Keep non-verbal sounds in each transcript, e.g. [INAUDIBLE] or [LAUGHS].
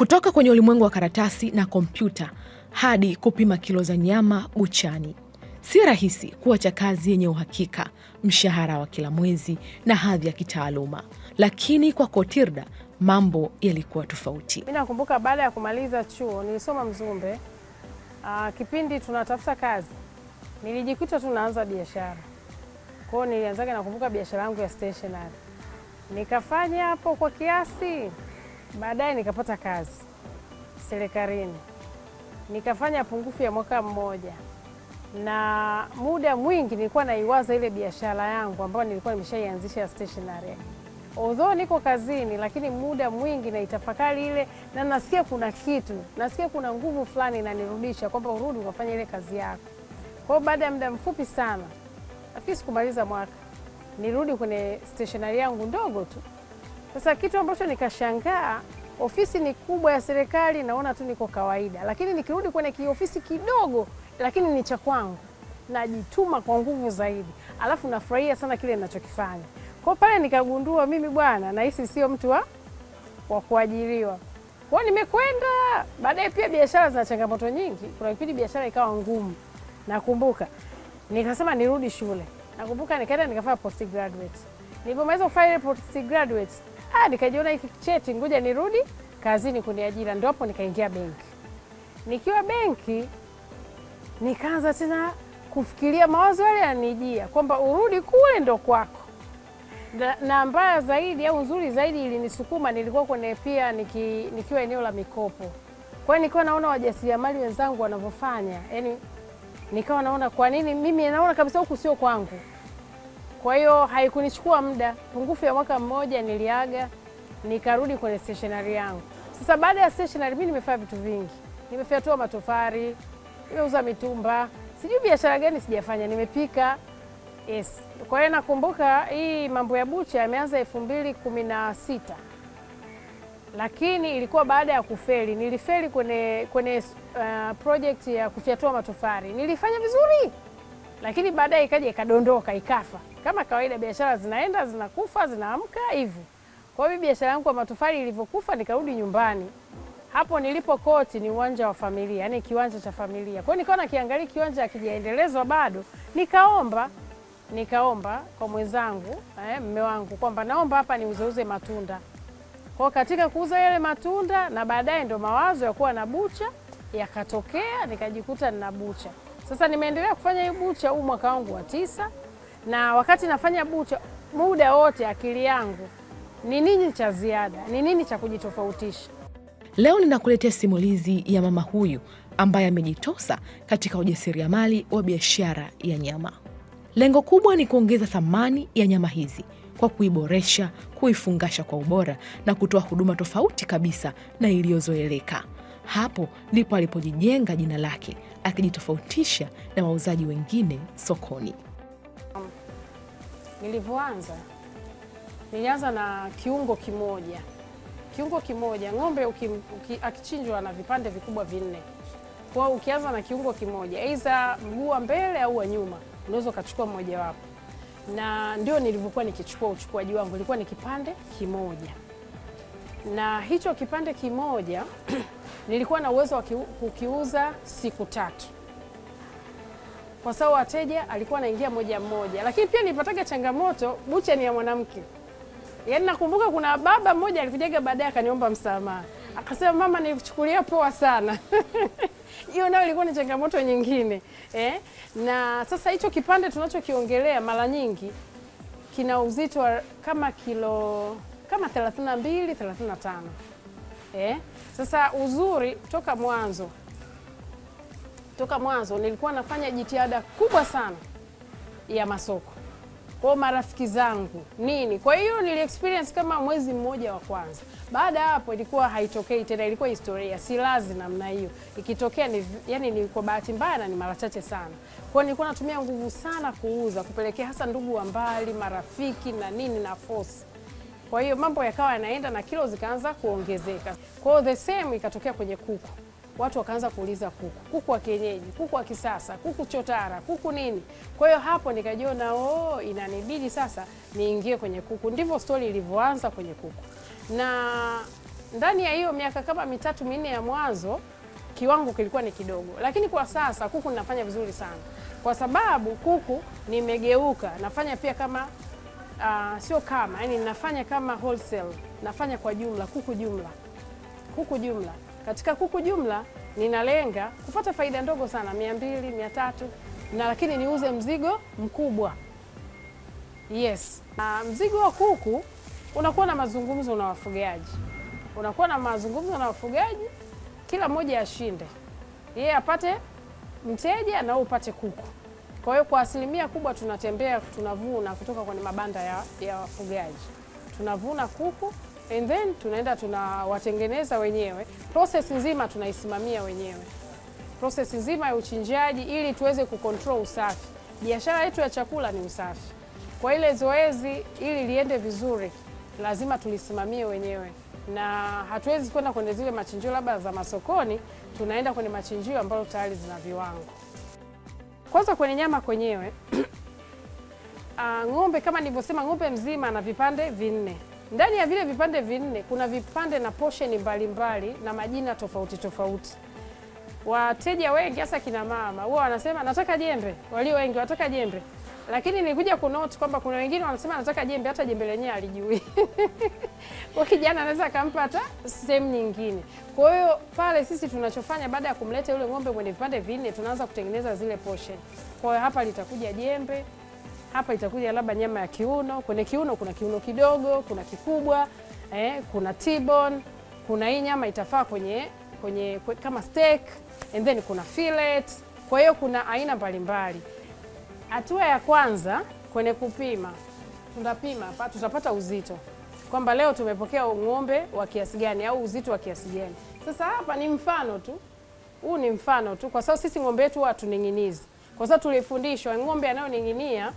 kutoka kwenye ulimwengu wa karatasi na kompyuta hadi kupima kilo za nyama buchani. Si rahisi kuacha kazi yenye uhakika, mshahara wa kila mwezi na hadhi ya kitaaluma, lakini kwa Kotirda mambo yalikuwa tofauti. Mi nakumbuka baada ya kumaliza chuo nilisoma Mzumbe. Aa, ah, kipindi tunatafuta kazi nilijikuta tu naanza biashara kwao, nilianzaga nakumbuka biashara yangu ya stationery nikafanya hapo kwa kiasi Baadaye nikapata kazi serikalini, nikafanya pungufu ya mwaka mmoja, na muda mwingi nilikuwa naiwaza ile biashara yangu ambayo nilikuwa nimeshaianzisha stationery. Although niko kazini, lakini muda mwingi naitafakari ile, na nasikia kuna kitu, nasikia kuna nguvu fulani inanirudisha kwamba urudi ukafanya ile kazi yako. Kwa hiyo baada ya muda mfupi sana, nafikiri sikumaliza mwaka, nirudi kwenye stationery yangu ndogo tu sasa kitu ambacho nikashangaa, ofisi ni kubwa ya serikali, naona tu niko kawaida, lakini nikirudi kwenye kiofisi kidogo, lakini ni cha kwangu, najituma kwa nguvu zaidi, alafu nafurahia sana kile ninachokifanya. Kwa pale nikagundua mimi bwana, nahisi sio mtu wa wa kuajiriwa kwao. Nimekwenda baadaye, pia biashara zina changamoto nyingi. Kuna kipindi biashara ikawa ngumu, nakumbuka nikasema nirudi shule. Nakumbuka nikaenda nikafanya postgraduate. Nilipomaliza kufanya ile postgraduate ah, nikajiona hiki cheti, ngoja nirudi kazini kuniajira. Ndio hapo nikaingia benki. Nikiwa benki nikaanza tena kufikiria mawazo yale yanijia kwamba urudi kule ndo kwako, na, na mbaya zaidi au nzuri zaidi ilinisukuma, nilikuwa kwenye pia niki, nikiwa eneo la mikopo. Kwa hiyo nilikuwa naona wajasiriamali wenzangu wanavyofanya, yani nikawa naona kwa nini mimi, naona kabisa huku sio kwangu kwa hiyo haikunichukua muda, pungufu ya mwaka mmoja niliaga, nikarudi kwenye stationery yangu. Sasa baada ya stationery, mimi nimefanya vitu vingi, nimefyatua matofari, nimeuza mitumba, sijui biashara gani sijafanya, nimepika yes. Kwa hiyo nakumbuka hii mambo ya bucha yameanza elfu mbili kumi na sita lakini ilikuwa baada ya kufeli. Nilifeli kwenye, kwenye uh, project ya kufyatua matofari, nilifanya vizuri, lakini baadaye ikaja ikadondoka, ikafa. Kama kawaida, biashara zinaenda zinakufa, zinaamka hivyo. Kwa hiyo biashara yangu ya matofali ilivyokufa, nikarudi nyumbani. Hapo nilipo koti ni uwanja wa familia, yani kiwanja cha familia. Kwa hiyo nikaona kiangalia kiwanja hakijaendelezwa bado, nikaomba nikaomba kwa mwenzangu eh, mme wangu kwamba naomba hapa niuzeuze matunda. Kwa hiyo katika kuuza yale matunda na baadaye ndo mawazo ya kuwa na bucha yakatokea, nikajikuta nina bucha sasa. Nimeendelea kufanya hii bucha huu mwaka wangu wa tisa na wakati nafanya bucha, muda wote akili yangu ni nini cha ziada, ni nini cha kujitofautisha. Leo ninakuletea simulizi ya mama huyu ambaye amejitosa katika ujasiriamali wa biashara ya nyama. Lengo kubwa ni kuongeza thamani ya nyama hizi kwa kuiboresha, kuifungasha kwa ubora na kutoa huduma tofauti kabisa na iliyozoeleka. Hapo ndipo alipojijenga jina lake, akijitofautisha na wauzaji wengine sokoni. Nilivyoanza nilianza na kiungo kimoja, kiungo kimoja. Ng'ombe akichinjwa na vipande vikubwa vinne, kwa ukianza na kiungo kimoja, aidha mguu wa mbele au wa nyuma, unaweza ukachukua mmojawapo, na ndio nilivyokuwa nikichukua uchukuaji wangu, ilikuwa ni kipande kimoja, na hicho kipande kimoja [CLEARS THROAT] nilikuwa na uwezo wa kukiuza siku tatu kwa sababu wateja alikuwa anaingia moja mmoja, lakini pia nilipataga changamoto bucha ni ya mwanamke. Yaani nakumbuka kuna baba mmoja alikujaga baadaye akaniomba msamaha, akasema mama, nichukulia poa sana [LAUGHS] hiyo nayo ilikuwa ni changamoto nyingine eh? Na sasa hicho kipande tunachokiongelea mara nyingi kina uzito kama kilo kama 32 35 eh? Sasa uzuri toka mwanzo toka mwanzo nilikuwa nafanya jitihada kubwa sana ya masoko kwa marafiki zangu nini. Kwa hiyo nili experience kama mwezi mmoja wa kwanza. Baada ya hapo ilikuwa haitokei tena, ilikuwa historia, si lazi namna hiyo. Ikitokea ni yani, ni kwa bahati mbaya na ni mara chache sana. Kwa nilikuwa natumia nguvu sana kuuza, kupelekea hasa ndugu wa mbali, marafiki na nini na force. Kwa hiyo mambo yakawa yanaenda na kilo zikaanza kuongezeka. Kwa hiyo the same ikatokea kwenye kuku watu wakaanza kuuliza kuku, kuku wa kienyeji, kuku wa kisasa, kuku chotara, kuku nini. Kwa hiyo hapo nikajiona oh, inanibidi sasa niingie kwenye kuku. Ndivyo stori ilivyoanza kwenye kuku, na ndani ya hiyo miaka kama mitatu minne ya mwanzo kiwango kilikuwa ni kidogo, lakini kwa sasa kuku ninafanya vizuri sana, kwa sababu kuku nimegeuka, nafanya pia kama uh, sio kama, yani nafanya kama wholesale, nafanya kwa jumla, kuku jumla, kuku jumla katika kuku jumla ninalenga kupata faida ndogo sana, mia mbili mia tatu na lakini niuze mzigo mkubwa. Yes. Na mzigo wa kuku unakuwa na mazungumzo na wafugaji, unakuwa na mazungumzo na wafugaji, kila mmoja ashinde, yeye apate mteja na upate kuku. Kwa hiyo kwa asilimia kubwa tunatembea tunavuna kutoka kwenye mabanda ya, ya wafugaji tunavuna kuku and then tunaenda tunawatengeneza wenyewe, process nzima tunaisimamia wenyewe, process nzima ya uchinjaji, ili tuweze kucontrol usafi. Biashara yetu ya chakula ni usafi, kwa ile zoezi ili liende vizuri, lazima tulisimamie wenyewe na hatuwezi kwenda kwenye zile machinjio labda za masokoni, tunaenda kwenye machinjio ambayo tayari zina viwango. Kwanza kwenye nyama kwenyewe [CLEARS THROAT] ah, ng'ombe kama nilivyosema, ng'ombe mzima ana vipande vinne. Ndani ya vile vipande vinne kuna vipande na posheni mbalimbali na majina tofauti tofauti. Wateja wengi hasa kina mama huwa wanasema nataka jembe, walio wengi wanataka jembe, lakini nilikuja kunoti kwamba kuna wengine wanasema nataka jembe, hata jembe lenyewe alijui [LAUGHS] kwa kijana anaweza akampa hata sehemu nyingine. Kwa hiyo pale sisi tunachofanya baada ya kumleta yule ng'ombe mwenye vipande vinne, tunaanza kutengeneza zile posheni. Kwa hiyo hapa litakuja jembe hapa itakuja labda nyama ya kiuno. Kwenye kiuno kuna kiuno kidogo, kuna kikubwa eh, kuna tibon, kuna hii nyama itafaa kwenye, kwenye kama steak and then kuna fillet. Kwa hiyo kuna aina mbalimbali. Hatua ya kwanza kwenye kupima, tunapima hapa, tutapata uzito kwamba leo tumepokea ng'ombe wa kiasi gani au uzito wa kiasi gani. Sasa hapa ni mfano tu, huu ni mfano tu, kwa sababu sisi ng'ombe wetu hatuning'inizi, kwa sababu tulifundishwa ng'ombe anayoning'inia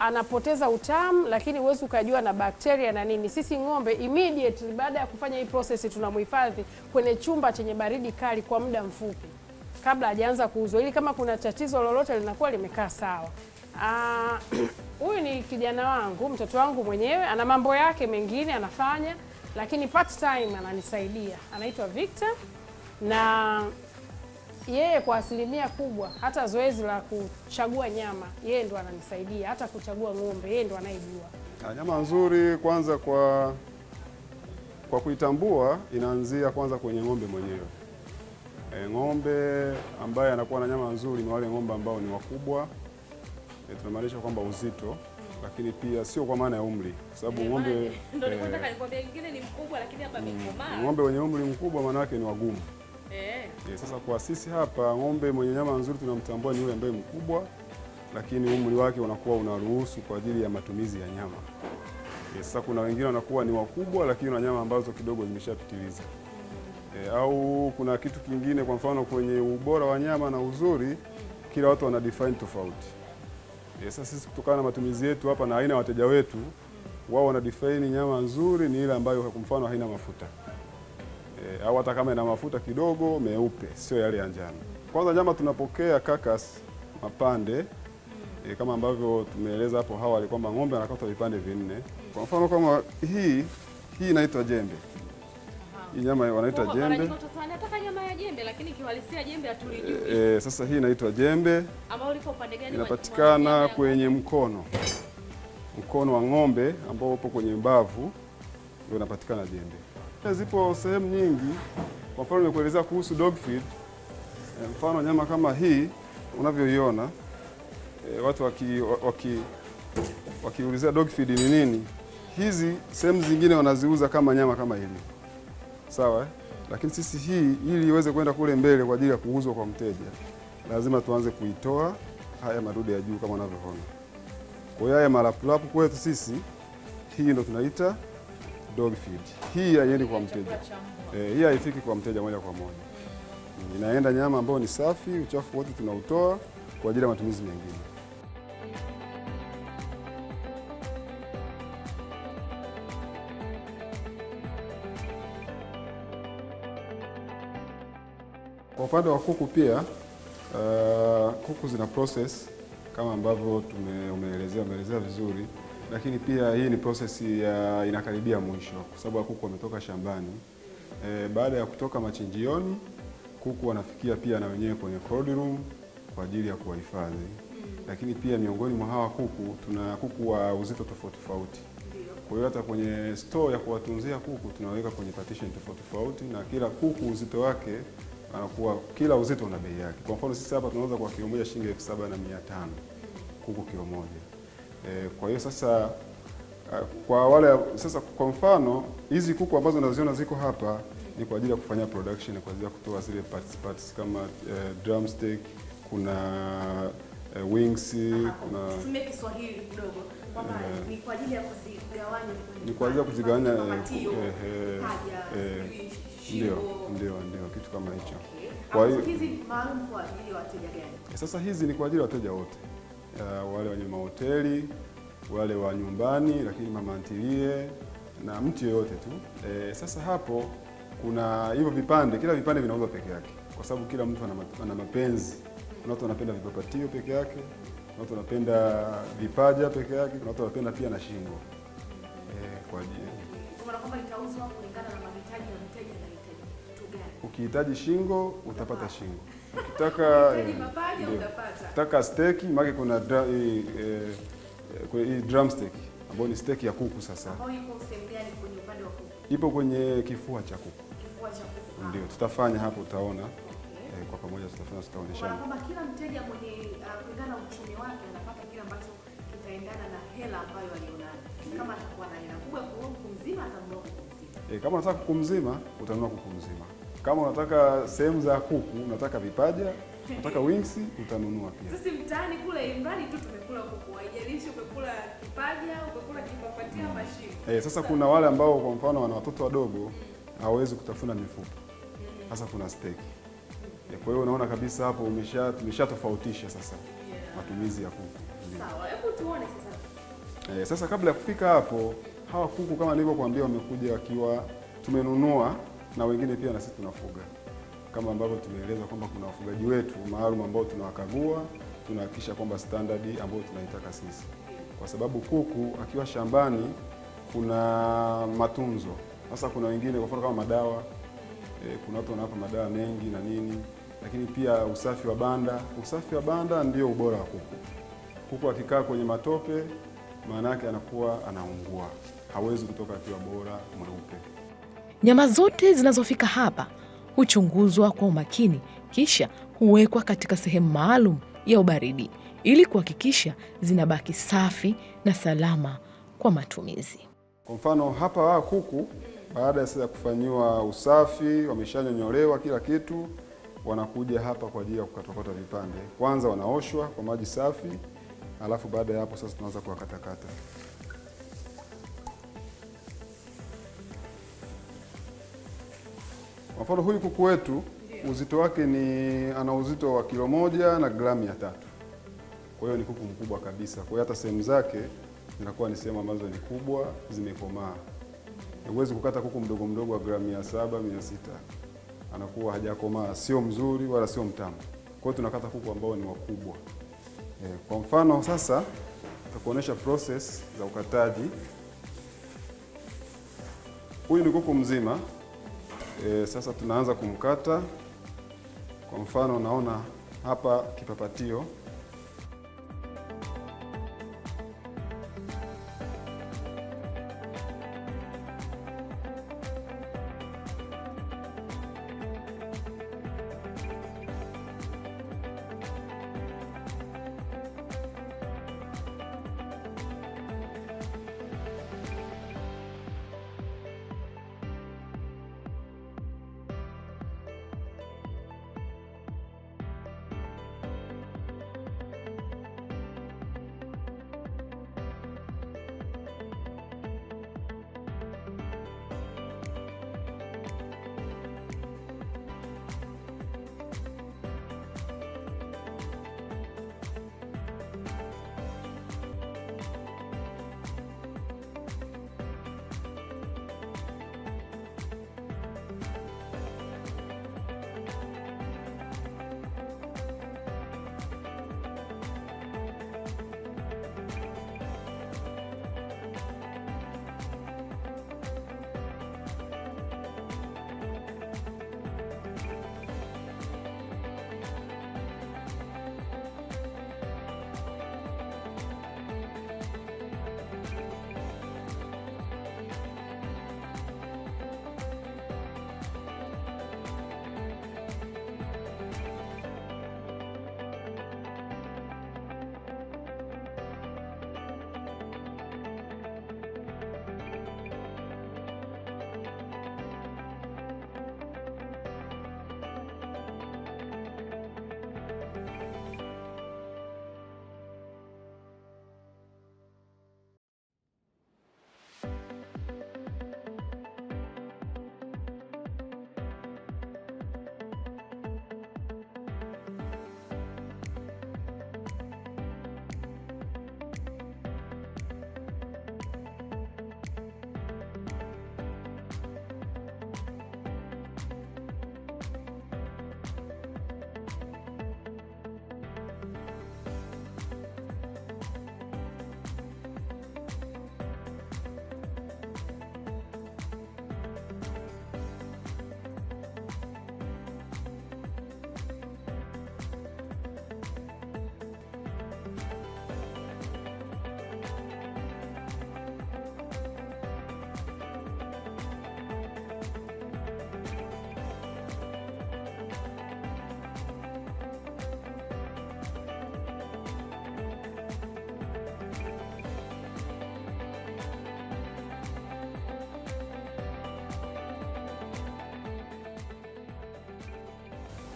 anapoteza utamu, lakini huwezi ukajua na bakteria na nini. Sisi ng'ombe immediately baada ya kufanya hii process tunamhifadhi kwenye chumba chenye baridi kali kwa muda mfupi kabla hajaanza kuuzwa, ili kama kuna tatizo lolote linakuwa limekaa sawa. Ah, [CLEARS THROAT] huyu ni kijana wangu, mtoto wangu mwenyewe, ana mambo yake mengine anafanya, lakini part time ananisaidia. Anaitwa Victor na yeye kwa asilimia kubwa, hata zoezi la kuchagua nyama yeye ndo ananisaidia, hata kuchagua ng'ombe yeye ndo anayejua ah, nyama nzuri. Kwanza kwa kwa kuitambua inaanzia kwanza kwenye ng'ombe mwenyewe. E, ng'ombe ambaye anakuwa na nyama nzuri ni wale ng'ombe ambao ni wakubwa, e, tunamaanisha kwamba uzito, lakini pia sio kwa maana ya umri, kwa sababu ng'ombe eh, mm, ng'ombe wenye umri mkubwa maana yake ni wagumu Eh. eh. sasa kwa sisi hapa ng'ombe mwenye nyama nzuri tunamtambua ni yule ambaye mkubwa, lakini umri wake unakuwa unaruhusu kwa ajili ya matumizi ya nyama. Eh, sasa kuna wengine wanakuwa ni wakubwa, lakini na nyama ambazo kidogo zimeshapitiliza. E, au kuna kitu kingine, kwa mfano kwenye ubora wa nyama na uzuri, kila watu wana define tofauti. E, sasa sisi kutokana na matumizi yetu hapa na aina ya wateja wetu, wao wana define nyama nzuri ni ile ambayo kwa mfano haina mafuta Eh, au hata kama ina mafuta kidogo meupe, sio yale ya njano. Kwanza nyama tunapokea kakas mapande e, kama ambavyo tumeeleza hapo awali kwamba ng'ombe anakata vipande vinne. Kwa mfano kama hii hii inaitwa jembe hii nyama wanaita jembe. E, sasa hii inaitwa jembe, inapatikana kwenye mkono mkono wa ng'ombe ambao upo kwenye mbavu, ndio inapatikana jembe. Afya zipo sehemu nyingi, kwa mfano nimekuelezea kuhusu dog feed. E, mfano nyama kama hii unavyoiona, e, watu wakiulizia waki, waki dog feed ni nini, hizi sehemu zingine wanaziuza kama nyama kama hili, sawa eh? lakini sisi hii ili iweze kwenda kule mbele kwa ajili ya kuuzwa kwa mteja, lazima tuanze kuitoa haya madude ya juu kama unavyoona. Kwa hiyo haya marapulapu kwetu sisi, hii ndo tunaita dog feed. Hii haiendi kwa mteja e, hii haifiki kwa mteja moja kwa moja, inaenda nyama ambayo ni safi, uchafu wote tunautoa kwa ajili ya matumizi mengine. Kwa upande wa kuku pia, uh, kuku zina process kama ambavyo umeelezea umeelezea vizuri lakini pia hii ni prosesi ya inakaribia mwisho kwa sababu kuku wametoka shambani. E, baada ya kutoka machinjioni kuku wanafikia pia na wenyewe kwenye cold room kwa ajili ya kuwahifadhi, lakini pia miongoni mwa hawa kuku tuna kuku wa uzito tofauti tofauti. Kwa hiyo hata kwenye store ya kuwatunzia kuku tunaweka kwenye partition tofauti tofauti, na kila kuku uzito wake anakuwa, kila uzito una bei yake. Kwa mfano sisi hapa tunauza kwa kilo moja shilingi elfu saba na mia tano kuku kilo moja E, kwa hiyo sasa eh, kwa wale sasa, kwa mfano hizi kuku ambazo unaziona ziko hapa ni kwa ajili ya kufanya production, kwa ajili ya kutoa zile parts parts kama eh, drumstick, kuna eh, wings Aha, kuna tumie Kiswahili kidogo kwamba eh. ni kwa ajili ya kuzigawanya, ni kwa ajili ya kuzigawanya ndio, ndio, ndio kitu kama hicho. Kwa hiyo hizi maalum kwa ajili ya wateja gani? Sasa hizi ni kwa ajili ya wateja wote Eh, wale wenye mahoteli, wale wa nyumbani, lakini mama ntilie na mtu yeyote tu. E, sasa hapo kuna hivyo vipande, kila vipande vinauzwa peke yake, kwa sababu kila mtu ana mapenzi. Kuna watu wanapenda vipapatio peke yake, kuna watu wanapenda vipaja peke yake, kuna watu wanapenda pia na shingo e, kwa ajili ukihitaji shingo utapata shingo Ukitaka eh, ukitaka steki maki kuna hii eh, drum steak ambayo ni steki ya kuku sasa. Ipo kwenye kifua cha kuku. Ah. Ndio tutafanya hapo, utaona okay. e, kwa pamoja tutafanya, tutaonyeshana kwamba kila mteja mwenye ah, kulingana na uchumi wake anapata kile ambacho kitaendana na hela ambayo alionayo. Kama atakuwa na hela kubwa, kuku mzima atanunua kuku mzima. Eh, kama unataka kuku mzima utanunua kuku mzima. Kama unataka sehemu za kuku, unataka vipaja, unataka wings, utanunua pia. Sisi mtaani kule mradi tu tumekula kuku, haijalishi umekula kipaja, umekula kipapatia mashimo. Eh, sasa kuna wale ambao kwa mfano wana watoto wadogo hawawezi kutafuna mifupa. Mm-hmm. Sasa kuna steak. Kwa hiyo unaona kabisa hapo umesha tumeshatofautisha sasa matumizi ya kuku. Sawa, hebu tuone sasa. Eh, sasa kabla ya kufika hapo, hawa kuku kama nilivyokuambia wamekuja wakiwa tumenunua na wengine pia na sisi tunafuga kama ambavyo tumeeleza kwamba kuna wafugaji wetu maalum ambao tunawakagua, tunahakikisha kwamba standardi ambayo tunaitaka sisi, kwa sababu kuku akiwa shambani kuna matunzo. Sasa kuna wengine kwa mfano kama madawa e, kuna watu wanawapa madawa mengi na nini, lakini pia usafi wa banda. Usafi wa banda ndio ubora wa kuku. Kuku akikaa kwenye matope, maana yake anakuwa anaungua, hawezi kutoka akiwa bora mweupe. Nyama zote zinazofika hapa huchunguzwa kwa umakini, kisha huwekwa katika sehemu maalum ya ubaridi ili kuhakikisha zinabaki safi na salama kwa matumizi. Kwa mfano hapa hawa kuku baada ya sasa kufanyiwa usafi, wameshanyonyolewa kila kitu, wanakuja hapa kwa ajili ya kukatwakata vipande. Kwanza wanaoshwa kwa maji safi, alafu baada ya hapo sasa tunaanza kuwakatakata. Kwa mfano huyu kuku wetu uzito wake ni ana uzito wa kilo moja na gramu ya tatu. Kwa hiyo ni kuku mkubwa kabisa. Kwa hiyo hata sehemu zake zinakuwa ni sehemu ambazo ni kubwa, zimekomaa. Huwezi kukata kuku mdogo mdogo wa gramu mia saba, mia sita, anakuwa hajakomaa, sio mzuri wala sio mtamu. Kwa hiyo tunakata kuku ambao ni wakubwa. Eh, kwa mfano sasa takuonyesha process za ukataji. Huyu ni kuku mzima E, sasa tunaanza kumkata. Kwa mfano, naona hapa kipapatio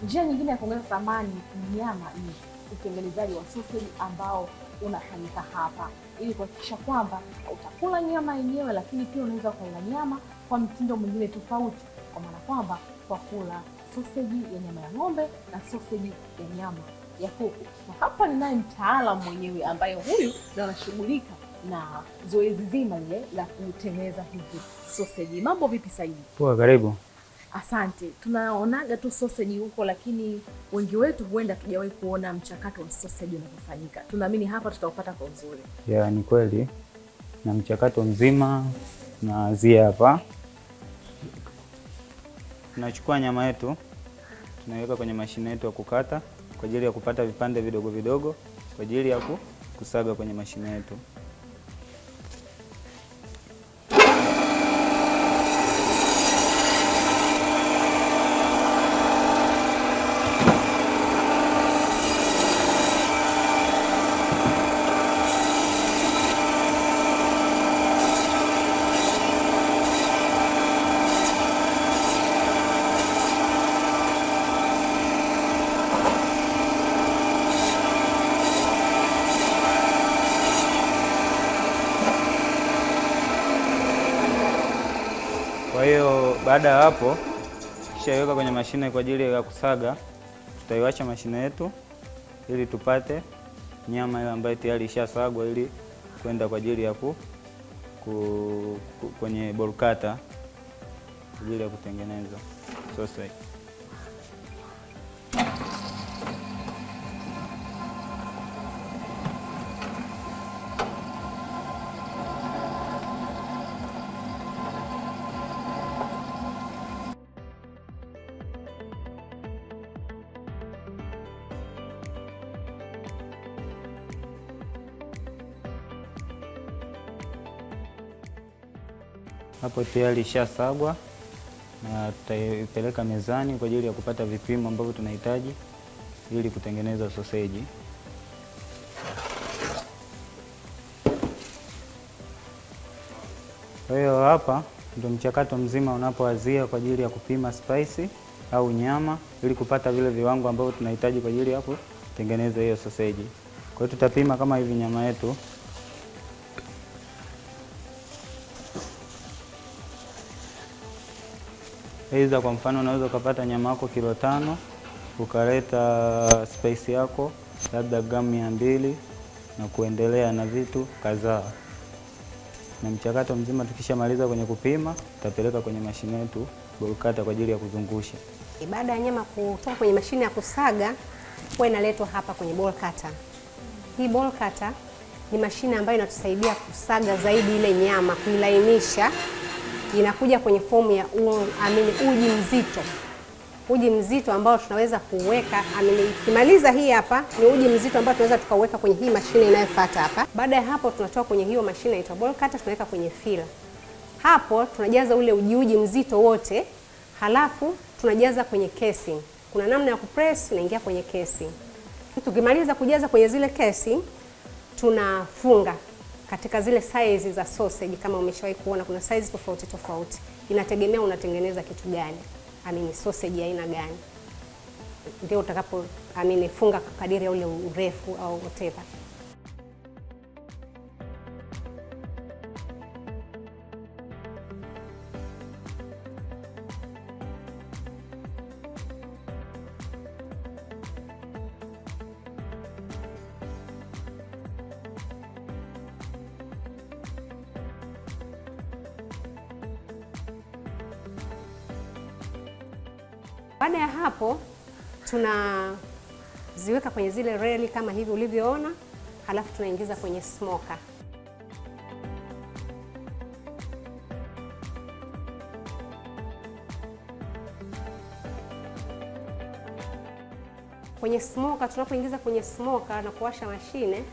Njia nyingine ya kuongeza thamani nyama ni utengenezaji wa sausage ambao unafanyika hapa ili kuhakikisha kwamba utakula nyama yenyewe, lakini pia unaweza ukaila nyama kwa mtindo mwingine tofauti, kwa maana kwamba kwa kula sausage ya nyama ya ng'ombe na sausage ya nyama ya kuku. Na hapa ninaye mtaalamu mwenyewe ambaye huyu ndo anashughulika na zoezi zima lile la kutengeneza hivi sausage. Mambo vipi Saidi? Poa, karibu. Asante. Tunaonaga tu sausage huko, lakini wengi wetu huenda tujawahi kuona mchakato wa sausage unavyofanyika. Tunaamini hapa tutaupata kwa uzuri. Yeah, ni kweli, na mchakato mzima tunaanzia hapa. Tunachukua nyama yetu tunaiweka kwenye mashine yetu ya kukata kwa ajili ya kupata vipande vidogo vidogo kwa ajili ya kusaga kwenye mashine yetu. Baada ya hapo, tukishaiweka kwenye mashine kwa ajili ya kusaga, tutaiwasha mashine yetu ili tupate nyama ile ambayo tayari ishasagwa ili kwenda kwa ajili ya ku, ku, ku, kwenye borkata kwa ajili ya kutengeneza sausage. Hapo tayari ishasagwa na tutaipeleka mezani kwa ajili ya kupata vipimo ambavyo tunahitaji ili kutengeneza soseji. Kwa hiyo hapa ndio mchakato mzima unapoanzia kwa ajili ya kupima spice au nyama ili kupata vile viwango ambavyo tunahitaji kwa ajili ya kutengeneza hiyo soseji. Kwa hiyo tutapima kama hivi nyama yetu Aidha, kwa mfano unaweza ukapata nyama yako kilo tano ukaleta spice yako labda gramu mia mbili na kuendelea na vitu kadhaa, na mchakato mzima tukishamaliza kwenye kupima, tutapeleka kwenye mashine yetu bolkata kwa ajili ya kuzungusha. Baada ya nyama kutoka kwenye mashine ya kusaga, huwa inaletwa hapa kwenye bolkata Hii bolkata ni mashine ambayo inatusaidia kusaga zaidi ile nyama, kuilainisha inakuja kwenye fomu ya u, amini, uji mzito, uji mzito ambao tunaweza kuweka amini. Kimaliza hii hapa ni uji mzito ambao tunaweza tukauweka kwenye hii mashine inayofuata hapa. Baada ya hapo, tunatoa kwenye hiyo mashine inaitwa ball cutter, tunaweka kwenye fila. Hapo tunajaza ule uji uji mzito wote, halafu tunajaza kwenye casing. Kuna namna ya kupress, inaingia kwenye casing. Tukimaliza kujaza kwenye zile casing, tunafunga katika zile size za sausage, kama umeshawahi kuona kuna size tofauti tofauti, inategemea unatengeneza kitu gani, amini sausage aina gani, ndio utakapo amini funga kadiri ya ule urefu au whatever. Baada ya hapo, tunaziweka kwenye zile reli kama hivi ulivyoona, halafu tunaingiza kwenye smoker. Kwenye smoker, tunapoingiza kwenye smoker na kuwasha mashine,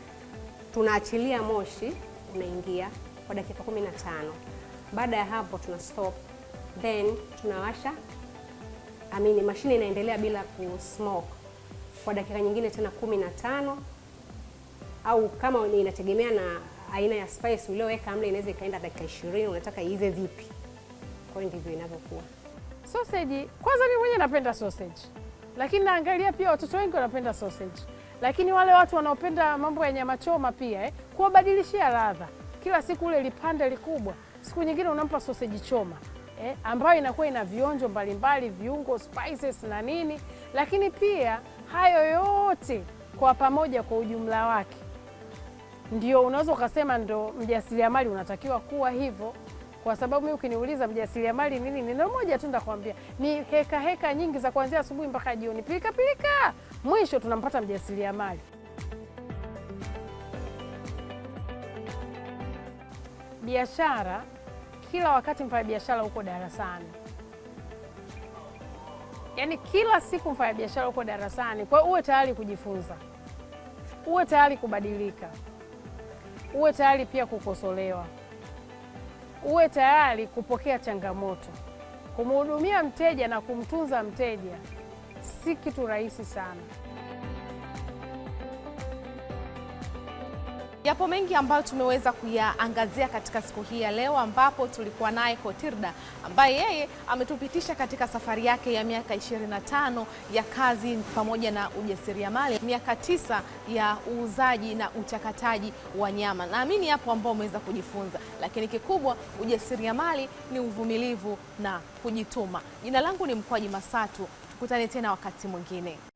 tunaachilia moshi unaingia kwa dakika 15. Baada ya hapo tuna stop, then tunawasha I mean, mashine inaendelea bila smoke kwa dakika nyingine tena kumi na tano au kama inategemea na aina ya spice ulioweka mle, inaweza ikaenda dakika ishirini. Unataka iive vipi? Kwa hiyo ndivyo inavyokuwa sausage. Kwanza mimi mwenyewe napenda sausage, lakini naangalia pia watoto wengi wanapenda sausage, lakini wale watu wanaopenda mambo ya nyama choma pia eh, kuwabadilishia ladha. Kila siku ule lipande likubwa, siku nyingine unampa sausage choma eh, ambayo inakuwa ina vionjo mbalimbali, viungo, spices na nini, lakini pia hayo yote kwa pamoja, kwa ujumla wake, ndio unaweza ukasema ndo mjasiriamali unatakiwa kuwa hivyo kwa sababu mi ukiniuliza mjasiriamali nini, neno moja tu nitakwambia ni heka heka nyingi za kuanzia asubuhi mpaka jioni, pilika pilika, mwisho tunampata mjasiriamali. Biashara kila wakati mfanyabiashara huko darasani, yaani kila siku mfanyabiashara huko darasani. Kwa hiyo uwe tayari kujifunza, uwe tayari kubadilika, uwe tayari pia kukosolewa, uwe tayari kupokea changamoto. Kumhudumia mteja na kumtunza mteja si kitu rahisi sana. Yapo mengi ambayo tumeweza kuyaangazia katika siku hii ya leo, ambapo tulikuwa naye Kotirda ambaye yeye ametupitisha katika safari yake ya miaka 25 ya kazi pamoja na ujasiriamali, miaka tisa ya uuzaji na uchakataji wa nyama. Naamini yapo ambao umeweza kujifunza, lakini kikubwa ujasiriamali ni uvumilivu na kujituma. Jina langu ni Mkwaji Masatu, tukutane tena wakati mwingine.